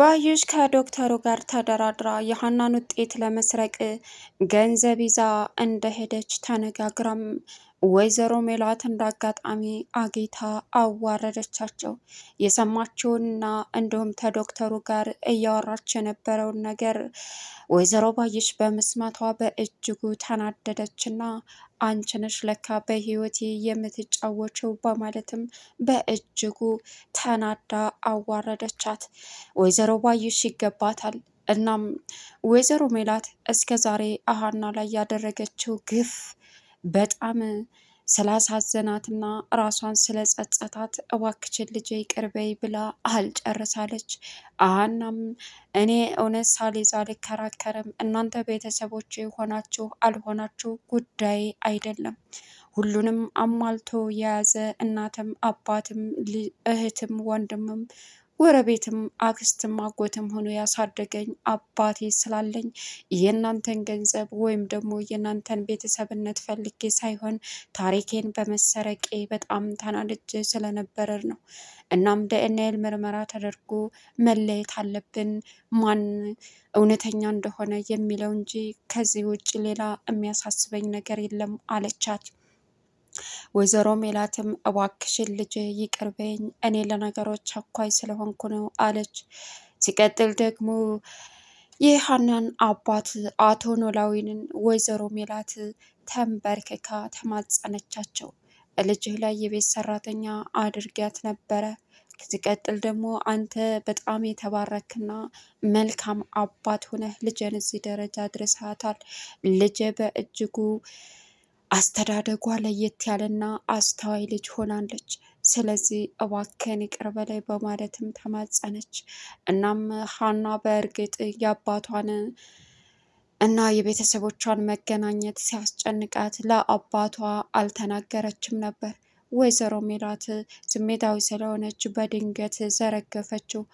ባዩሽ ከዶክተሩ ጋር ተደራድራ የሀናን ውጤት ለመስረቅ ገንዘብ ይዛ እንደሄደች ተነጋግራም ወይዘሮ ሜላት እንዳጋጣሚ አጌታ አዋረደቻቸው። የሰማችውንና እንዲሁም ከዶክተሩ ጋር እያወራች የነበረውን ነገር ወይዘሮ ባየሽ በመስማቷ በእጅጉ ተናደደችና አንቺ ነሽ ለካ በህይወቴ የምትጫወችው በማለትም በእጅጉ ተናዳ አዋረደቻት። ወይዘሮ ባየሽ ይገባታል። እናም ወይዘሮ ሜላት እስከ ዛሬ አሀና ላይ ያደረገችው ግፍ በጣም ስላሳዘናትና ራሷን ስለጸጸታት እባክሽን ልጄ ቅርበይ በይ ብላ አልጨርሳለች። አህናም እኔ እውነት ሳሊዛ አልከራከርም፣ እናንተ ቤተሰቦች ሆናችሁ አልሆናችሁ ጉዳይ አይደለም። ሁሉንም አሟልቶ የያዘ እናትም አባትም እህትም ወንድምም ጎረቤትም አክስትም አጎትም ሆኖ ያሳደገኝ አባቴ ስላለኝ የእናንተን ገንዘብ ወይም ደግሞ የእናንተን ቤተሰብነት ፈልጌ ሳይሆን ታሪኬን በመሰረቄ በጣም ተናድጄ ስለነበረ ነው። እናም ዲኤንኤ ምርመራ ተደርጎ መለየት አለብን ማን እውነተኛ እንደሆነ የሚለው እንጂ ከዚህ ውጭ ሌላ የሚያሳስበኝ ነገር የለም አለቻት። ወይዘሮ ሜላትም እባክሽን ልጅ ይቅርበኝ፣ እኔ ለነገሮች አኳይ ስለሆንኩ ነው አለች። ሲቀጥል ደግሞ የሀናን አባት አቶ ኖላዊንን ወይዘሮ ሜላት ተንበርክካ ተማጸነቻቸው። ልጅህ ላይ የቤት ሰራተኛ አድርጊያት ነበረ። ሲቀጥል ደግሞ አንተ በጣም የተባረክና መልካም አባት ሆነህ ልጄን እዚህ ደረጃ አድርሰሃታል። ልጄ በእጅጉ አስተዳደጓ ለየት ያለና አስተዋይ ልጅ ሆናለች። ስለዚህ እባከን ይቅር በላይ በማለትም ተማጸነች። እናም ሀና በእርግጥ የአባቷን እና የቤተሰቦቿን መገናኘት ሲያስጨንቃት ለአባቷ አልተናገረችም ነበር። ወይዘሮ ሜላት ስሜታዊ ስለሆነች በድንገት ዘረገፈችው።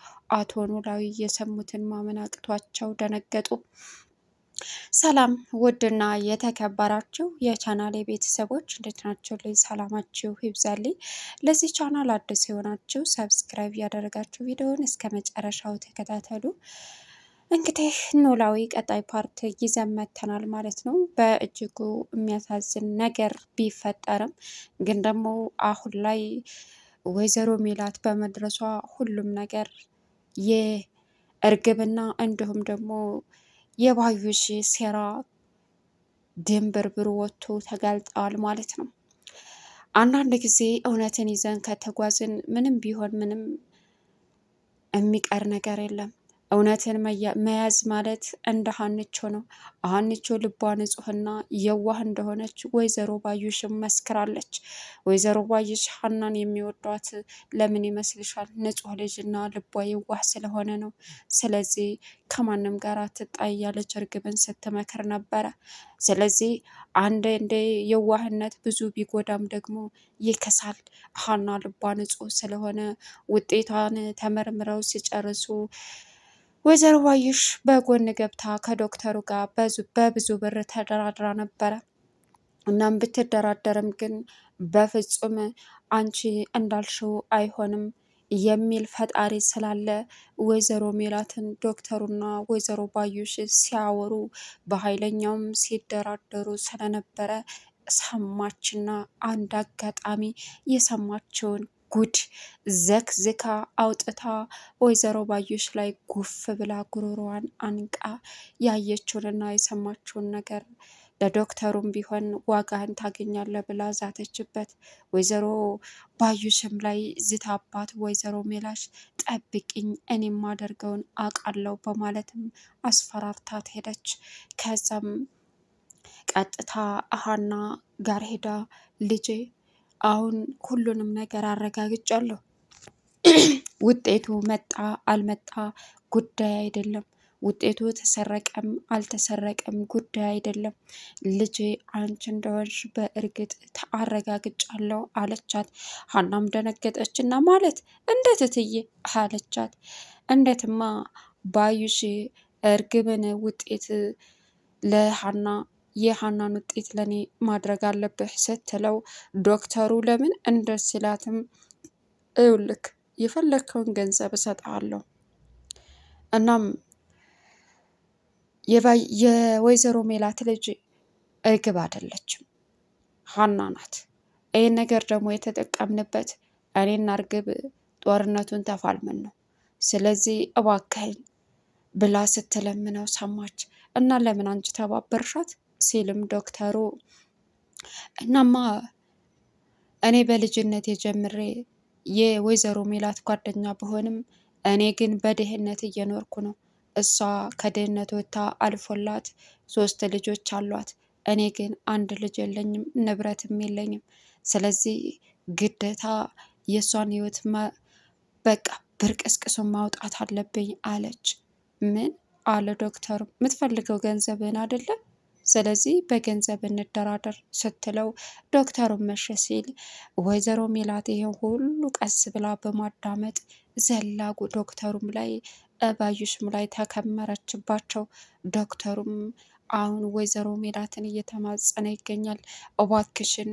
አቶ ኖላዊ የሰሙትን ማመን አቅቷቸው ደነገጡ። ሰላም ውድና የተከበራችሁ የቻናሌ ቤተሰቦች እንዴት ናችሁ? ልጅ ሰላማችሁ ይብዛልኝ። ለዚህ ቻናል አዲስ የሆናችሁ ሰብስክራይብ ያደረጋችሁ ቪዲዮውን እስከ መጨረሻው ተከታተሉ። እንግዲህ ኖላዊ ቀጣይ ፓርት ይዘን መጥተናል ማለት ነው። በእጅጉ የሚያሳዝን ነገር ቢፈጠርም ግን ደግሞ አሁን ላይ ወይዘሮ ሜላት በመድረሷ ሁሉም ነገር የእርግብና እንዲሁም ደግሞ የባዩሽ ሴራ ድንብርብር ወጥቶ ተጋልጧል ማለት ነው። አንዳንድ ጊዜ እውነትን ይዘን ከተጓዝን ምንም ቢሆን ምንም የሚቀር ነገር የለም። እውነትን መያዝ ማለት እንደ ሀንቾ ነው። ሀንቾ ልቧ ንጹህና የዋህ እንደሆነች ወይዘሮ ባዩሽም መስክራለች። ወይዘሮ ባዩሽ ሀናን የሚወዷት ለምን ይመስልሻል? ንጹሕ ልጅና ልቧ የዋህ ስለሆነ ነው። ስለዚህ ከማንም ጋር ትጣይ ያለች እርግብን ስትመክር ነበረ። ስለዚህ እንደ የዋህነት ብዙ ቢጎዳም ደግሞ ይከሳል። ሀና ልቧ ንጹህ ስለሆነ ውጤቷን ተመርምረው ሲጨርሱ ወይዘሮ ባዩሽ በጎን ገብታ ከዶክተሩ ጋር በብዙ ብር ተደራድራ ነበረ። እናም ብትደራደርም ግን በፍጹም አንቺ እንዳልሽው አይሆንም የሚል ፈጣሪ ስላለ ወይዘሮ ሜላትን ዶክተሩና ወይዘሮ ባዩሽ ሲያወሩ በኃይለኛውም ሲደራደሩ ስለነበረ ሰማችና አንድ አጋጣሚ የሰማችውን ጉድ ዘክዝካ አውጥታ ወይዘሮ ባዩሽ ላይ ጉፍ ብላ ጉሮሮዋን አንቃ ያየችውንና የሰማችውን ነገር ለዶክተሩም ቢሆን ዋጋህን ታገኛለ ብላ ዛተችበት። ወይዘሮ ባዩሽም ላይ ዝታባት ወይዘሮ ሜላሽ ጠብቅኝ፣ እኔም የማደርገውን አውቃለሁ በማለትም አስፈራርታት ሄደች። ከዛም ቀጥታ አሃና ጋር ሄዳ ልጄ አሁን ሁሉንም ነገር አረጋግጫለሁ። ውጤቱ መጣ አልመጣ ጉዳይ አይደለም። ውጤቱ ተሰረቀም አልተሰረቀም ጉዳይ አይደለም። ልጄ አንቺ እንደሆንሽ በእርግጥ አረጋግጫለሁ አለቻት። ሀናም ደነገጠችና ማለት እንዴት እትዬ አለቻት። እንዴትማ ባዩሽ እርግብን ውጤት ለሀና የሀናን ውጤት ለኔ ማድረግ አለብህ ስትለው ዶክተሩ ለምን እንደ ሲላትም እውልክ የፈለግከውን ገንዘብ እሰጥሃለሁ። እናም የወይዘሮ ሜላት ልጅ እርግብ አይደለችም ሀና ናት። ይህን ነገር ደግሞ የተጠቀምንበት እኔና እርግብ ጦርነቱን ተፋልመን ነው። ስለዚህ እባክህን ብላ ስትለምነው ሰማች እና ለምን አንቺ ተባበርሻት ሲልም ዶክተሩ እናማ እኔ በልጅነት የጀምሬ የወይዘሮ ሚላት ጓደኛ ብሆንም እኔ ግን በድህነት እየኖርኩ ነው። እሷ ከድህነት ወጥታ አልፎላት ሶስት ልጆች አሏት። እኔ ግን አንድ ልጅ የለኝም፣ ንብረትም የለኝም። ስለዚህ ግዴታ የእሷን ህይወት በቃ ብርቅስቅሶ ማውጣት አለብኝ አለች። ምን አለ ዶክተሩ፣ የምትፈልገው ገንዘብን አይደለም ስለዚህ በገንዘብ እንደራደር ስትለው ዶክተሩን መሸ ሲል ወይዘሮ ሜላት ይሄን ሁሉ ቀስ ብላ በማዳመጥ ዘላጉ ዶክተሩም ላይ እባዩሽም ላይ ተከመረችባቸው። ዶክተሩም አሁን ወይዘሮ ሜላትን እየተማጸነ ይገኛል። እባክሽን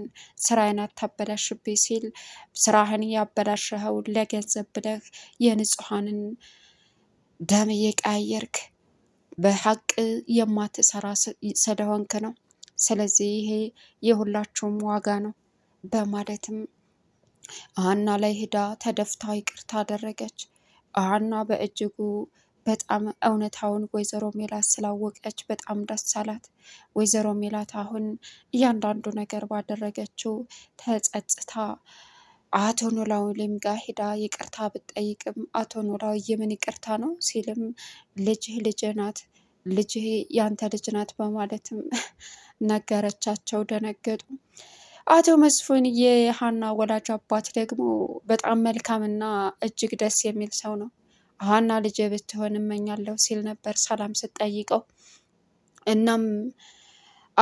ስራዬን አታበላሽብኝ ሲል ስራህን ያበላሸኸው ለገንዘብ ብለህ የንጹሐንን ደም እየቀያየርክ በሀቅ የማትሰራ ስለሆንክ ነው። ስለዚህ ይሄ የሁላችሁም ዋጋ ነው በማለትም አሃና ላይ ሂዳ ተደፍታ ይቅርታ አደረገች። አሃና በእጅጉ በጣም እውነታውን ወይዘሮ ሜላት ስላወቀች በጣም ደስ አላት። ወይዘሮ ሜላት አሁን እያንዳንዱ ነገር ባደረገችው ተጸጽታ አቶ ኖላዊም ጋር ሄዳ ይቅርታ ብጠይቅም አቶ ኖላዊ የምን ይቅርታ ነው ሲልም ልጅህ ልጅ ናት ልጅህ ያንተ ልጅ ናት በማለትም ነገረቻቸው። ደነገጡ። አቶ መስፍን የሀና ወላጅ አባት ደግሞ በጣም መልካምና እጅግ ደስ የሚል ሰው ነው። ሀና ልጅ ብትሆን እመኛለሁ ሲል ነበር ሰላም ስትጠይቀው። እናም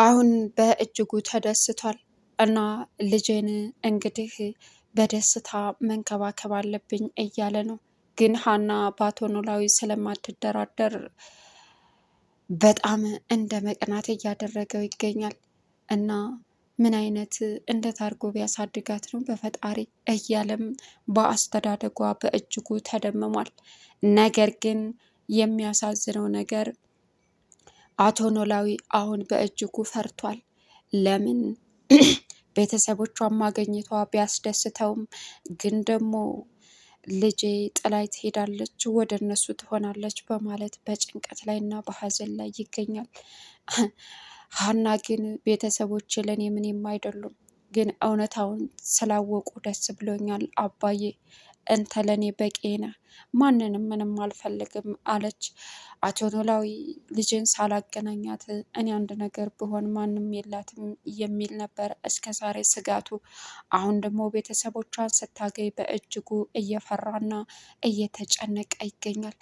አሁን በእጅጉ ተደስቷል እና ልጅን እንግዲህ በደስታ መንከባከብ አለብኝ እያለ ነው። ግን ሀና በአቶ ኖላዊ ስለማትደራደር በጣም እንደ መቅናት እያደረገው ይገኛል። እና ምን አይነት እንደ ታርጎ ቢያሳድጋት ነው በፈጣሪ እያለም በአስተዳደጓ በእጅጉ ተደምሟል። ነገር ግን የሚያሳዝነው ነገር አቶ ኖላዊ አሁን በእጅጉ ፈርቷል። ለምን ቤተሰቦቿን ማገኘቷ ቢያስደስተውም ግን ደግሞ ልጄ ጥላይ ትሄዳለች፣ ወደ እነሱ ትሆናለች በማለት በጭንቀት ላይ እና በሀዘን ላይ ይገኛል። ሀና ግን ቤተሰቦች ለእኔ ምንም አይደሉም፣ ግን እውነታውን ስላወቁ ደስ ብሎኛል አባዬ እንተ ለኔ በቂ ነህ፣ ማንንም ምንም አልፈልግም አለች። አቶ ኖላዊ ልጅን ሳላገናኛት እኔ አንድ ነገር ብሆን ማንም የላትም የሚል ነበር እስከ ዛሬ ስጋቱ። አሁን ደግሞ ቤተሰቦቿን ስታገኝ በእጅጉ እየፈራና እየተጨነቀ ይገኛል።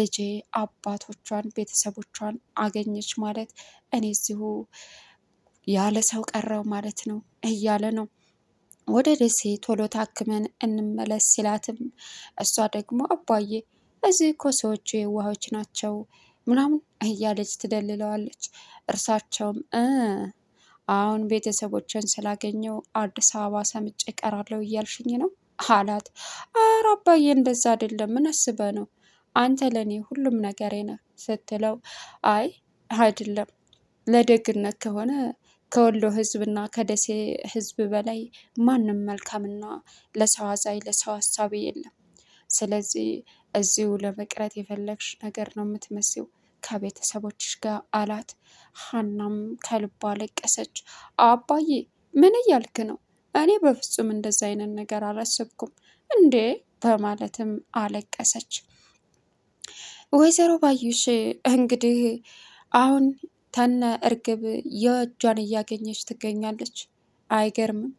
ልጄ አባቶቿን፣ ቤተሰቦቿን አገኘች ማለት እኔ እዚሁ ያለ ሰው ቀረው ማለት ነው እያለ ነው ወደ ደሴ ቶሎ ታክመን እንመለስ ሲላትም እሷ ደግሞ አባዬ እዚህ እኮ ሰዎቹ የዋሆች ናቸው ምናምን እያለች ትደልለዋለች። እርሳቸውም አሁን ቤተሰቦችን ስላገኘው አዲስ አበባ ሰምጬ እቀራለሁ እያልሽኝ ነው አላት። ኧረ አባዬ እንደዛ አይደለም፣ ምን አስበህ ነው አንተ ለእኔ ሁሉም ነገሬ ነህ ስትለው አይ አይደለም ለደግነት ከሆነ ከወሎ ሕዝብና ከደሴ ህዝብ በላይ ማንም መልካምና ለሰው አዛኝ ለሰው አሳቢ የለም። ስለዚህ እዚሁ ለመቅረት የፈለግሽ ነገር ነው የምትመስው ከቤተሰቦችሽ ጋር አላት። ሀናም ከልቧ አለቀሰች። አባዬ ምን እያልክ ነው? እኔ በፍጹም እንደዚ አይነት ነገር አላሰብኩም እንዴ በማለትም አለቀሰች። ወይዘሮ ባዩሽ እንግዲህ አሁን ተነ እርግብ የእጇን እያገኘች ትገኛለች። አይገርምም?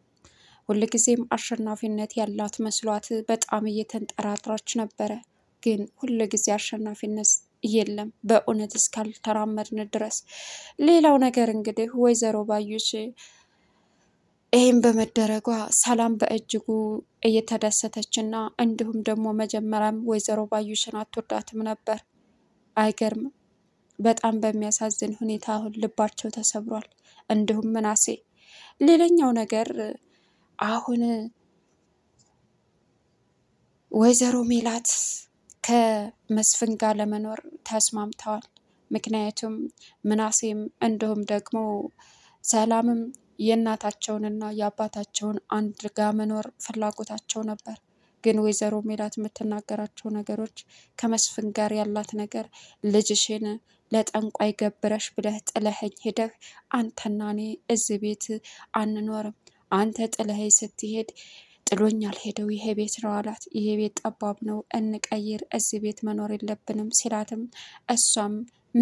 ሁልጊዜም አሸናፊነት ያላት መስሏት በጣም እየተንጠራጥራች ነበረ። ግን ሁልጊዜ አሸናፊነት የለም በእውነት እስካልተራመድን ድረስ። ሌላው ነገር እንግዲህ ወይዘሮ ባዩሽ ይህም በመደረጓ ሰላም በእጅጉ እየተደሰተች እና እንዲሁም ደግሞ መጀመሪያም ወይዘሮ ባዩሽን አትወዳትም ነበር። አይገርምም? በጣም በሚያሳዝን ሁኔታ አሁን ልባቸው ተሰብሯል። እንዲሁም ምናሴ። ሌላኛው ነገር አሁን ወይዘሮ ሜላት ከመስፍን ጋር ለመኖር ተስማምተዋል። ምክንያቱም ምናሴም እንዲሁም ደግሞ ሰላምም የእናታቸውንና የአባታቸውን አንድ ጋር መኖር ፍላጎታቸው ነበር። ግን ወይዘሮ ሜላት የምትናገራቸው ነገሮች ከመስፍን ጋር ያላት ነገር ልጅሽን ለጠንቋይ ገብረሽ ብለህ ጥለኸኝ ሄደህ አንተና እኔ እዚህ ቤት አንኖርም። አንተ ጥለኸኝ ስትሄድ ጥሎኝ አልሄደው ይሄ ቤት ነው አላት። ይሄ ቤት ጠባብ ነው እንቀይር፣ እዚህ ቤት መኖር የለብንም ሲላትም እሷም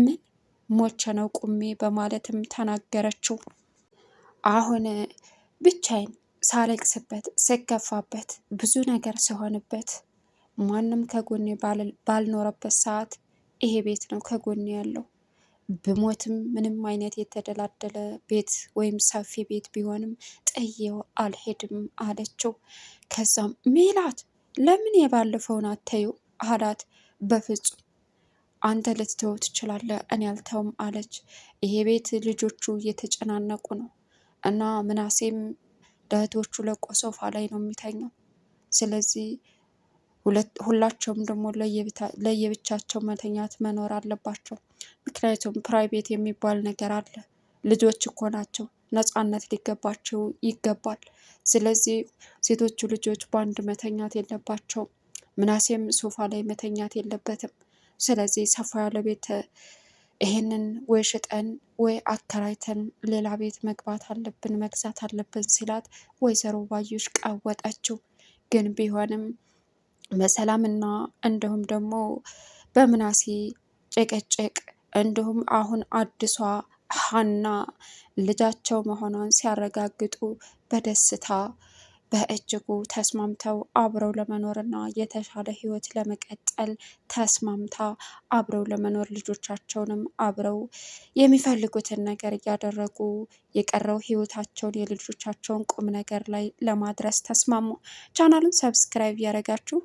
ምን ሞቼ ነው ቁሜ በማለትም ተናገረችው። አሁን ብቻዬን ሳለቅስበት፣ ስከፋበት፣ ብዙ ነገር ሲሆንበት ማንም ከጎኔ ባልኖረበት ሰዓት ይሄ ቤት ነው ከጎን ያለው። ብሞትም ምንም አይነት የተደላደለ ቤት ወይም ሰፊ ቤት ቢሆንም ጥዬው አልሄድም አለችው። ከዛም ሜላት ለምን የባለፈውን አተዩ አላት። በፍጹም አንተ ልትተው ትችላለህ፣ እኔ አልተውም አለች። ይሄ ቤት ልጆቹ እየተጨናነቁ ነው እና ምናሴም ለእህቶቹ ለቆ ሶፋ ላይ ነው የሚተኘው። ስለዚህ ሁላቸውም ደግሞ ለየብቻቸው መተኛት መኖር አለባቸው። ምክንያቱም ፕራይቬት የሚባል ነገር አለ። ልጆች እኮ ናቸው፣ ነፃነት ሊገባቸው ይገባል። ስለዚህ ሴቶቹ ልጆች በአንድ መተኛት የለባቸውም። ምናሴም ሶፋ ላይ መተኛት የለበትም። ስለዚህ ሰፋ ያለ ቤት ይሄንን ወይ ሽጠን ወይ አከራይተን ሌላ ቤት መግባት አለብን መግዛት አለብን ሲላት ወይዘሮ ባዩሽ ቀወጠችው። ግን ቢሆንም በሰላምና እንዲሁም ደግሞ በምናሴ ጭቅጭቅ እንዲሁም አሁን አዲሷ ሀና ልጃቸው መሆኗን ሲያረጋግጡ በደስታ በእጅጉ ተስማምተው አብረው ለመኖርና የተሻለ ህይወት ለመቀጠል ተስማምታ አብረው ለመኖር ልጆቻቸውንም አብረው የሚፈልጉትን ነገር እያደረጉ የቀረው ህይወታቸውን የልጆቻቸውን ቁም ነገር ላይ ለማድረስ ተስማሙ። ቻናሉን ሰብስክራይብ እያደረጋችሁ